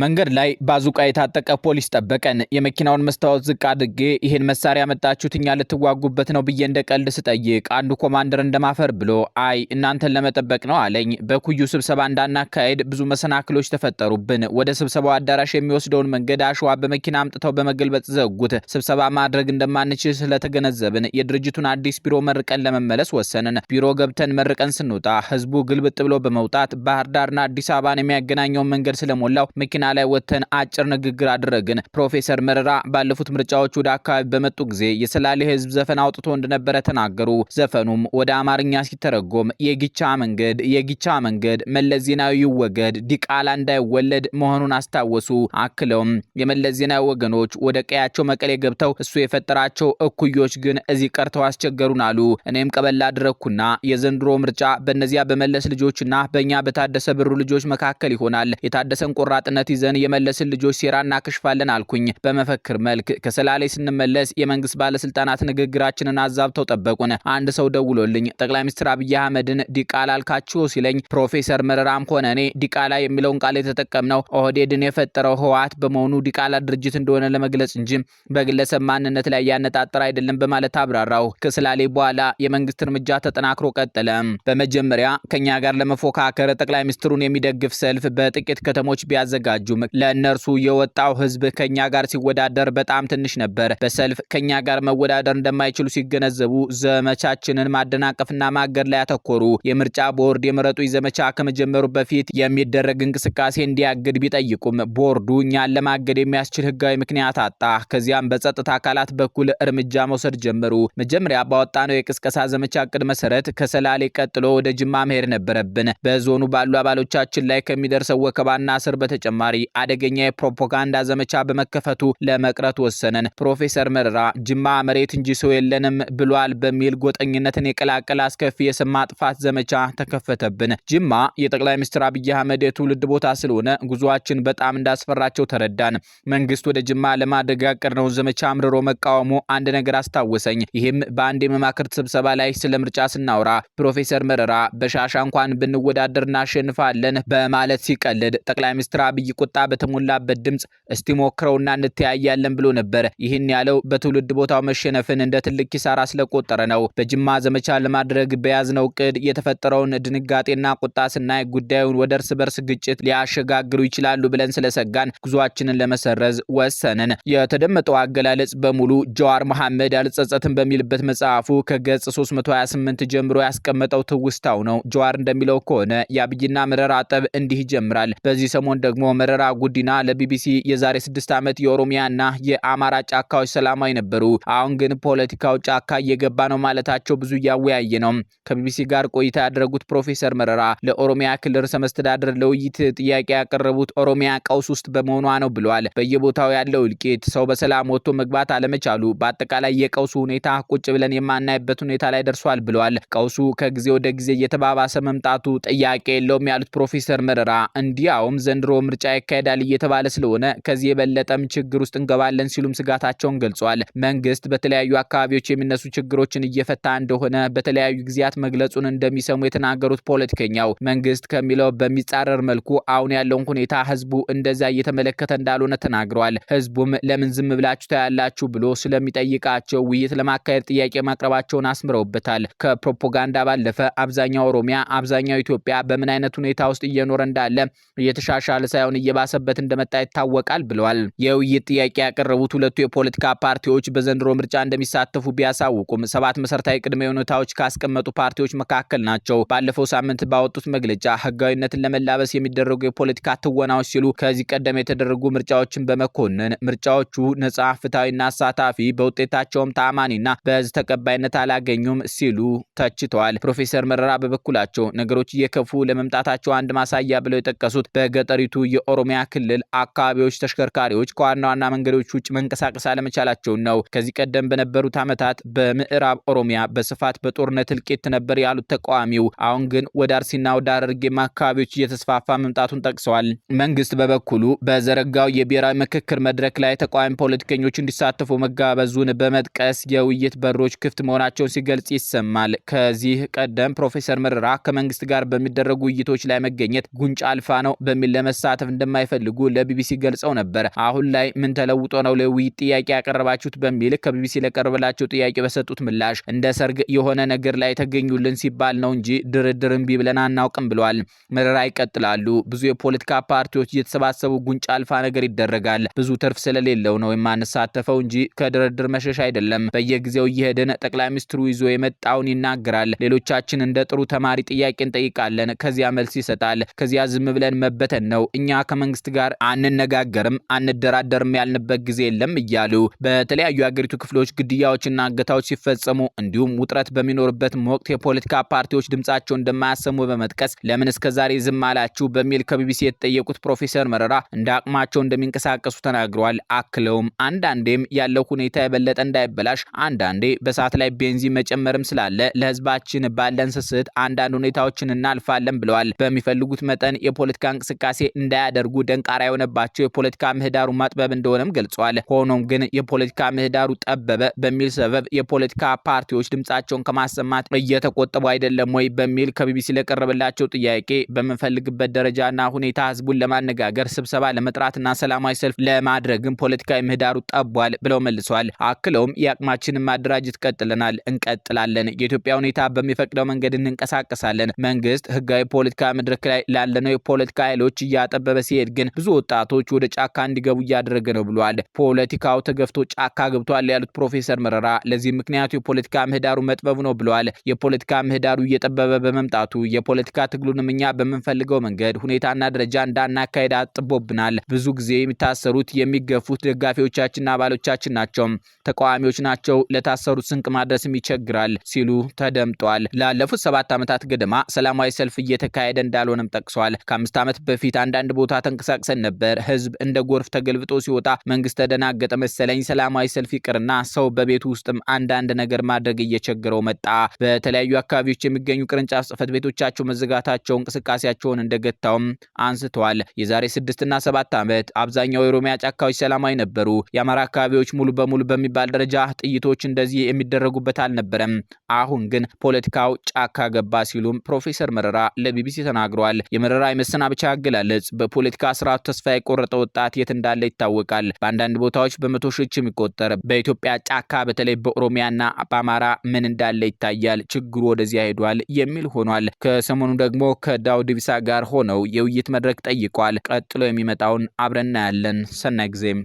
መንገድ ላይ ባዙቃ የታጠቀ ፖሊስ ጠበቀን። የመኪናውን መስታወት ዝቅ አድርጌ ይህን መሳሪያ መጣችሁት እኛ ልትዋጉበት ነው ብዬ እንደ ቀልድ ስጠይቅ አንዱ ኮማንደር እንደማፈር ብሎ አይ እናንተን ለመጠበቅ ነው አለኝ። በኩዩ ስብሰባ እንዳናካሄድ ብዙ መሰናክሎች ተፈጠሩብን። ወደ ስብሰባው አዳራሽ የሚወስደውን መንገድ አሸዋ በመኪና አምጥተው በመገልበጥ ዘጉት። ስብሰባ ማድረግ እንደማንችል ስለተገነዘብን የድርጅቱን አዲስ ቢሮ መርቀን ለመመለስ ወሰንን። ቢሮ ገብተን መርቀን ስንወጣ ህዝቡ ግልብጥ ብሎ በመውጣት ባህር ዳርና አዲስ አበባን የሚያገናኘውን መንገድ ስለሞላው መኪና ላይ ወጥተን አጭር ንግግር አደረግን። ፕሮፌሰር መረራ ባለፉት ምርጫዎች ወደ አካባቢ በመጡ ጊዜ የሰላሌ ህዝብ ዘፈን አውጥቶ እንደነበረ ተናገሩ። ዘፈኑም ወደ አማርኛ ሲተረጎም የጊቻ መንገድ የጊቻ መንገድ መለስ ዜናዊ ይወገድ ዲቃላ እንዳይወለድ መሆኑን አስታወሱ። አክለውም የመለስ ዜናዊ ወገኖች ወደ ቀያቸው መቀሌ ገብተው እሱ የፈጠራቸው እኩዮች ግን እዚህ ቀርተው አስቸገሩን አሉ። እኔም ቀበል አደረግኩና የዘንድሮ ምርጫ በእነዚያ በመለስ ልጆችና በእኛ በታደሰ ብሩ ልጆች መካከል ይሆናል። የታደሰን ቆራጥነት ይዘን የመለስን ልጆች ሴራ እናክሽፋለን አልኩኝ። በመፈክር መልክ ከሰላሌ ስንመለስ የመንግስት ባለስልጣናት ንግግራችንን አዛብተው ጠበቁን። አንድ ሰው ደውሎልኝ ጠቅላይ ሚኒስትር አብይ አህመድን ዲቃላ አልካችሁ ሲለኝ ፕሮፌሰር መረራም ሆነ እኔ ዲቃላ የሚለውን ቃል የተጠቀምነው ኦህዴድን የፈጠረው ህወሓት በመሆኑ ዲቃላ ድርጅት እንደሆነ ለመግለጽ እንጂ በግለሰብ ማንነት ላይ ያነጣጠር አይደለም በማለት አብራራው። ከስላሌ በኋላ የመንግስት እርምጃ ተጠናክሮ ቀጠለ። በመጀመሪያ ከኛ ጋር ለመፎካከር ጠቅላይ ሚኒስትሩን የሚደግፍ ሰልፍ በጥቂት ከተሞች ቢያዘጋጅ አልተዘጋጁም። ለእነርሱ የወጣው ህዝብ ከኛ ጋር ሲወዳደር በጣም ትንሽ ነበር። በሰልፍ ከኛ ጋር መወዳደር እንደማይችሉ ሲገነዘቡ ዘመቻችንን ማደናቀፍና ማገድ ላይ አተኮሩ። የምርጫ ቦርድ የምረጡኝ ዘመቻ ከመጀመሩ በፊት የሚደረግ እንቅስቃሴ እንዲያግድ ቢጠይቁም ቦርዱ እኛን ለማገድ የሚያስችል ህጋዊ ምክንያት አጣ። ከዚያም በጸጥታ አካላት በኩል እርምጃ መውሰድ ጀመሩ። መጀመሪያ ባወጣነው የቅስቀሳ ዘመቻ እቅድ መሰረት ከሰላሌ ቀጥሎ ወደ ጅማ መሄድ ነበረብን። በዞኑ ባሉ አባሎቻችን ላይ ከሚደርሰው ወከባና እስር በተጨማሪ በተጨማሪ አደገኛ የፕሮፓጋንዳ ዘመቻ በመከፈቱ ለመቅረት ወሰንን። ፕሮፌሰር መረራ ጅማ መሬት እንጂ ሰው የለንም ብሏል በሚል ጎጠኝነትን የቀላቀለ አስከፊ የስም ማጥፋት ዘመቻ ተከፈተብን። ጅማ የጠቅላይ ሚኒስትር አብይ አህመድ የትውልድ ቦታ ስለሆነ ጉዞችን በጣም እንዳስፈራቸው ተረዳን። መንግስት ወደ ጅማ ለማድረግ ያቀድነውን ዘመቻ አምርሮ መቃወሙ አንድ ነገር አስታወሰኝ። ይህም በአንድ የመማክርት ስብሰባ ላይ ስለ ምርጫ ስናወራ ፕሮፌሰር መረራ በሻሻ እንኳን ብንወዳደር እናሸንፋለን በማለት ሲቀልድ ጠቅላይ ሚኒስትር አብይ ቁጣ በተሞላበት ድምፅ እስቲ ሞክረውና እንተያያለን ብሎ ነበር። ይህን ያለው በትውልድ ቦታው መሸነፍን እንደ ትልቅ ኪሳራ ስለቆጠረ ነው። በጅማ ዘመቻ ለማድረግ በያዝነው እቅድ የተፈጠረውን ድንጋጤና ቁጣ ስናይ ጉዳዩን ወደ እርስ በርስ ግጭት ሊያሸጋግሩ ይችላሉ ብለን ስለሰጋን ጉዟችንን ለመሰረዝ ወሰንን። የተደመጠው አገላለጽ በሙሉ ጀዋር መሐመድ አልጸጸትም በሚልበት መጽሐፉ ከገጽ 328 ጀምሮ ያስቀመጠው ትውስታው ነው። ጀዋር እንደሚለው ከሆነ የአብይና መረራ ጠብ እንዲህ ይጀምራል። በዚህ ሰሞን ደግሞ መረራ ጉዲና ለቢቢሲ የዛሬ ስድስት ዓመት የኦሮሚያና የአማራ ጫካዎች ሰላማዊ ነበሩ፣ አሁን ግን ፖለቲካው ጫካ እየገባ ነው ማለታቸው ብዙ እያወያየ ነው። ከቢቢሲ ጋር ቆይታ ያደረጉት ፕሮፌሰር መረራ ለኦሮሚያ ክልል ርዕሰ መስተዳድር ለውይይት ጥያቄ ያቀረቡት ኦሮሚያ ቀውስ ውስጥ በመሆኗ ነው ብለዋል። በየቦታው ያለው እልቂት፣ ሰው በሰላም ወጥቶ መግባት አለመቻሉ፣ በአጠቃላይ የቀውሱ ሁኔታ ቁጭ ብለን የማናይበት ሁኔታ ላይ ደርሷል ብለዋል። ቀውሱ ከጊዜ ወደ ጊዜ እየተባባሰ መምጣቱ ጥያቄ የለውም ያሉት ፕሮፌሰር መረራ እንዲያውም ዘንድሮ ምርጫ ይካሄዳል እየተባለ ስለሆነ ከዚህ የበለጠም ችግር ውስጥ እንገባለን ሲሉም ስጋታቸውን ገልጸዋል። መንግስት በተለያዩ አካባቢዎች የሚነሱ ችግሮችን እየፈታ እንደሆነ በተለያዩ ጊዜያት መግለጹን እንደሚሰሙ የተናገሩት ፖለቲከኛው መንግስት ከሚለው በሚጻረር መልኩ አሁን ያለውን ሁኔታ ህዝቡ እንደዛ እየተመለከተ እንዳልሆነ ተናግረዋል። ህዝቡም ለምን ዝም ብላችሁ ታያላችሁ ብሎ ስለሚጠይቃቸው ውይይት ለማካሄድ ጥያቄ ማቅረባቸውን አስምረውበታል። ከፕሮፓጋንዳ ባለፈ አብዛኛው ኦሮሚያ፣ አብዛኛው ኢትዮጵያ በምን አይነት ሁኔታ ውስጥ እየኖረ እንዳለ እየተሻሻለ ሳይሆን እየባሰበት እንደመጣ ይታወቃል ብለዋል። የውይይት ጥያቄ ያቀረቡት ሁለቱ የፖለቲካ ፓርቲዎች በዘንድሮ ምርጫ እንደሚሳተፉ ቢያሳውቁም ሰባት መሰረታዊ ቅድመ ሁኔታዎች ካስቀመጡ ፓርቲዎች መካከል ናቸው። ባለፈው ሳምንት ባወጡት መግለጫ ህጋዊነትን ለመላበስ የሚደረጉ የፖለቲካ ትወናዎች ሲሉ ከዚህ ቀደም የተደረጉ ምርጫዎችን በመኮንን ምርጫዎቹ ነጻ፣ ፍትሐዊና አሳታፊ በውጤታቸውም ተአማኒና በህዝብ ተቀባይነት አላገኙም ሲሉ ተችተዋል። ፕሮፌሰር መረራ በበኩላቸው ነገሮች እየከፉ ለመምጣታቸው አንድ ማሳያ ብለው የጠቀሱት በገጠሪቱ ኦሮሚያ ክልል አካባቢዎች ተሽከርካሪዎች ከዋና ዋና መንገዶች ውጭ መንቀሳቀስ አለመቻላቸውን ነው። ከዚህ ቀደም በነበሩት ዓመታት በምዕራብ ኦሮሚያ በስፋት በጦርነት እልቂት ነበር ያሉት ተቃዋሚው፣ አሁን ግን ወደ አርሲና ወደ ሀረርጌማ አካባቢዎች እየተስፋፋ መምጣቱን ጠቅሰዋል። መንግስት በበኩሉ በዘረጋው የብሔራዊ ምክክር መድረክ ላይ ተቃዋሚ ፖለቲከኞች እንዲሳተፉ መጋበዙን በመጥቀስ የውይይት በሮች ክፍት መሆናቸውን ሲገልጽ ይሰማል። ከዚህ ቀደም ፕሮፌሰር መረራ ከመንግስት ጋር በሚደረጉ ውይይቶች ላይ መገኘት ጉንጭ አልፋ ነው በሚል ለመሳተፍ እንደማይፈልጉ ለቢቢሲ ገልጸው ነበር። አሁን ላይ ምን ተለውጦ ነው ለውይይት ጥያቄ ያቀረባችሁት? በሚል ከቢቢሲ ለቀረበላቸው ጥያቄ በሰጡት ምላሽ እንደ ሰርግ የሆነ ነገር ላይ ተገኙልን ሲባል ነው እንጂ ድርድር እምቢ ብለን አናውቅም ብለዋል። ምርራ ይቀጥላሉ። ብዙ የፖለቲካ ፓርቲዎች እየተሰባሰቡ ጉንጫ አልፋ ነገር ይደረጋል። ብዙ ትርፍ ስለሌለው ነው የማንሳተፈው እንጂ ከድርድር መሸሽ አይደለም። በየጊዜው እየሄድን ጠቅላይ ሚኒስትሩ ይዞ የመጣውን ይናገራል። ሌሎቻችን እንደ ጥሩ ተማሪ ጥያቄ እንጠይቃለን። ከዚያ መልስ ይሰጣል። ከዚያ ዝም ብለን መበተን ነው እኛ ከመንግስት ጋር አንነጋገርም፣ አንደራደርም ያልንበት ጊዜ የለም እያሉ በተለያዩ የአገሪቱ ክፍሎች ግድያዎችና እገታዎች ሲፈጸሙ እንዲሁም ውጥረት በሚኖርበት ወቅት የፖለቲካ ፓርቲዎች ድምጻቸው እንደማያሰሙ በመጥቀስ ለምን እስከዛሬ ዝም አላችሁ በሚል ከቢቢሲ የተጠየቁት ፕሮፌሰር መረራ እንደ አቅማቸው እንደሚንቀሳቀሱ ተናግረዋል። አክለውም አንዳንዴም ያለው ሁኔታ የበለጠ እንዳይበላሽ አንዳንዴ በሰዓት ላይ ቤንዚን መጨመርም ስላለ ለህዝባችን ባለን ስስት አንዳንድ ሁኔታዎችን እናልፋለን ብለዋል። በሚፈልጉት መጠን የፖለቲካ እንቅስቃሴ እንዳያደ ሲያደርጉ ደንቃራ የሆነባቸው የፖለቲካ ምህዳሩ ማጥበብ እንደሆነም ገልጿል። ሆኖም ግን የፖለቲካ ምህዳሩ ጠበበ በሚል ሰበብ የፖለቲካ ፓርቲዎች ድምጻቸውን ከማሰማት እየተቆጠቡ አይደለም ወይ በሚል ከቢቢሲ ለቀረበላቸው ጥያቄ በምንፈልግበት ደረጃና ሁኔታ ህዝቡን ለማነጋገር ስብሰባ ለመጥራትና ሰላማዊ ሰልፍ ለማድረግም ፖለቲካዊ ምህዳሩ ጠቧል ብለው መልሷል። አክለውም የአቅማችንን ማደራጀት ቀጥለናል፣ እንቀጥላለን። የኢትዮጵያ ሁኔታ በሚፈቅደው መንገድ እንንቀሳቀሳለን። መንግስት ህጋዊ ፖለቲካ መድረክ ላይ ላለነው የፖለቲካ ኃይሎች እያጠበበ ሲሄድ ግን ብዙ ወጣቶች ወደ ጫካ እንዲገቡ እያደረገ ነው ብሏል። ፖለቲካው ተገፍቶ ጫካ ገብቷል ያሉት ፕሮፌሰር መረራ ለዚህ ምክንያቱ የፖለቲካ ምህዳሩ መጥበቡ ነው ብለዋል። የፖለቲካ ምህዳሩ እየጠበበ በመምጣቱ የፖለቲካ ትግሉንም እኛ በምንፈልገው መንገድ ሁኔታና ደረጃ እንዳናካሄድ አጥቦብናል። ብዙ ጊዜ የሚታሰሩት የሚገፉት ደጋፊዎቻችንና አባሎቻችን ናቸው፣ ተቃዋሚዎች ናቸው። ለታሰሩት ስንቅ ማድረስም ይቸግራል ሲሉ ተደምጧል። ላለፉት ሰባት ዓመታት ገደማ ሰላማዊ ሰልፍ እየተካሄደ እንዳልሆነም ጠቅሷል። ከአምስት ዓመት በፊት አንዳንድ ቦታ ተንቀሳቅሰን ነበር። ህዝብ እንደ ጎርፍ ተገልብጦ ሲወጣ መንግስት ተደናገጠ መሰለኝ። ሰላማዊ ሰልፍ ይቅርና ሰው በቤቱ ውስጥም አንዳንድ ነገር ማድረግ እየቸገረው መጣ። በተለያዩ አካባቢዎች የሚገኙ ቅርንጫፍ ጽህፈት ቤቶቻቸው መዘጋታቸው እንቅስቃሴያቸውን እንደገታውም አንስተዋል። የዛሬ ስድስትና ሰባት ዓመት አብዛኛው የኦሮሚያ ጫካዎች ሰላማዊ ነበሩ። የአማራ አካባቢዎች ሙሉ በሙሉ በሚባል ደረጃ ጥይቶች እንደዚህ የሚደረጉበት አልነበረም። አሁን ግን ፖለቲካው ጫካ ገባ ሲሉም ፕሮፌሰር መረራ ለቢቢሲ ተናግረዋል። የመረራ የመሰናበቻ አገላለጽ በፖለ የፖለቲካ ስርዓቱ ተስፋ የቆረጠ ወጣት የት እንዳለ ይታወቃል። በአንዳንድ ቦታዎች በመቶ ሺዎች የሚቆጠር በኢትዮጵያ ጫካ በተለይ በኦሮሚያና በአማራ ምን እንዳለ ይታያል። ችግሩ ወደዚያ ሄዷል የሚል ሆኗል። ከሰሞኑ ደግሞ ከዳውድ ኢብሳ ጋር ሆነው የውይይት መድረክ ጠይቋል። ቀጥሎ የሚመጣውን አብረን እናያለን። ሰናይ ጊዜም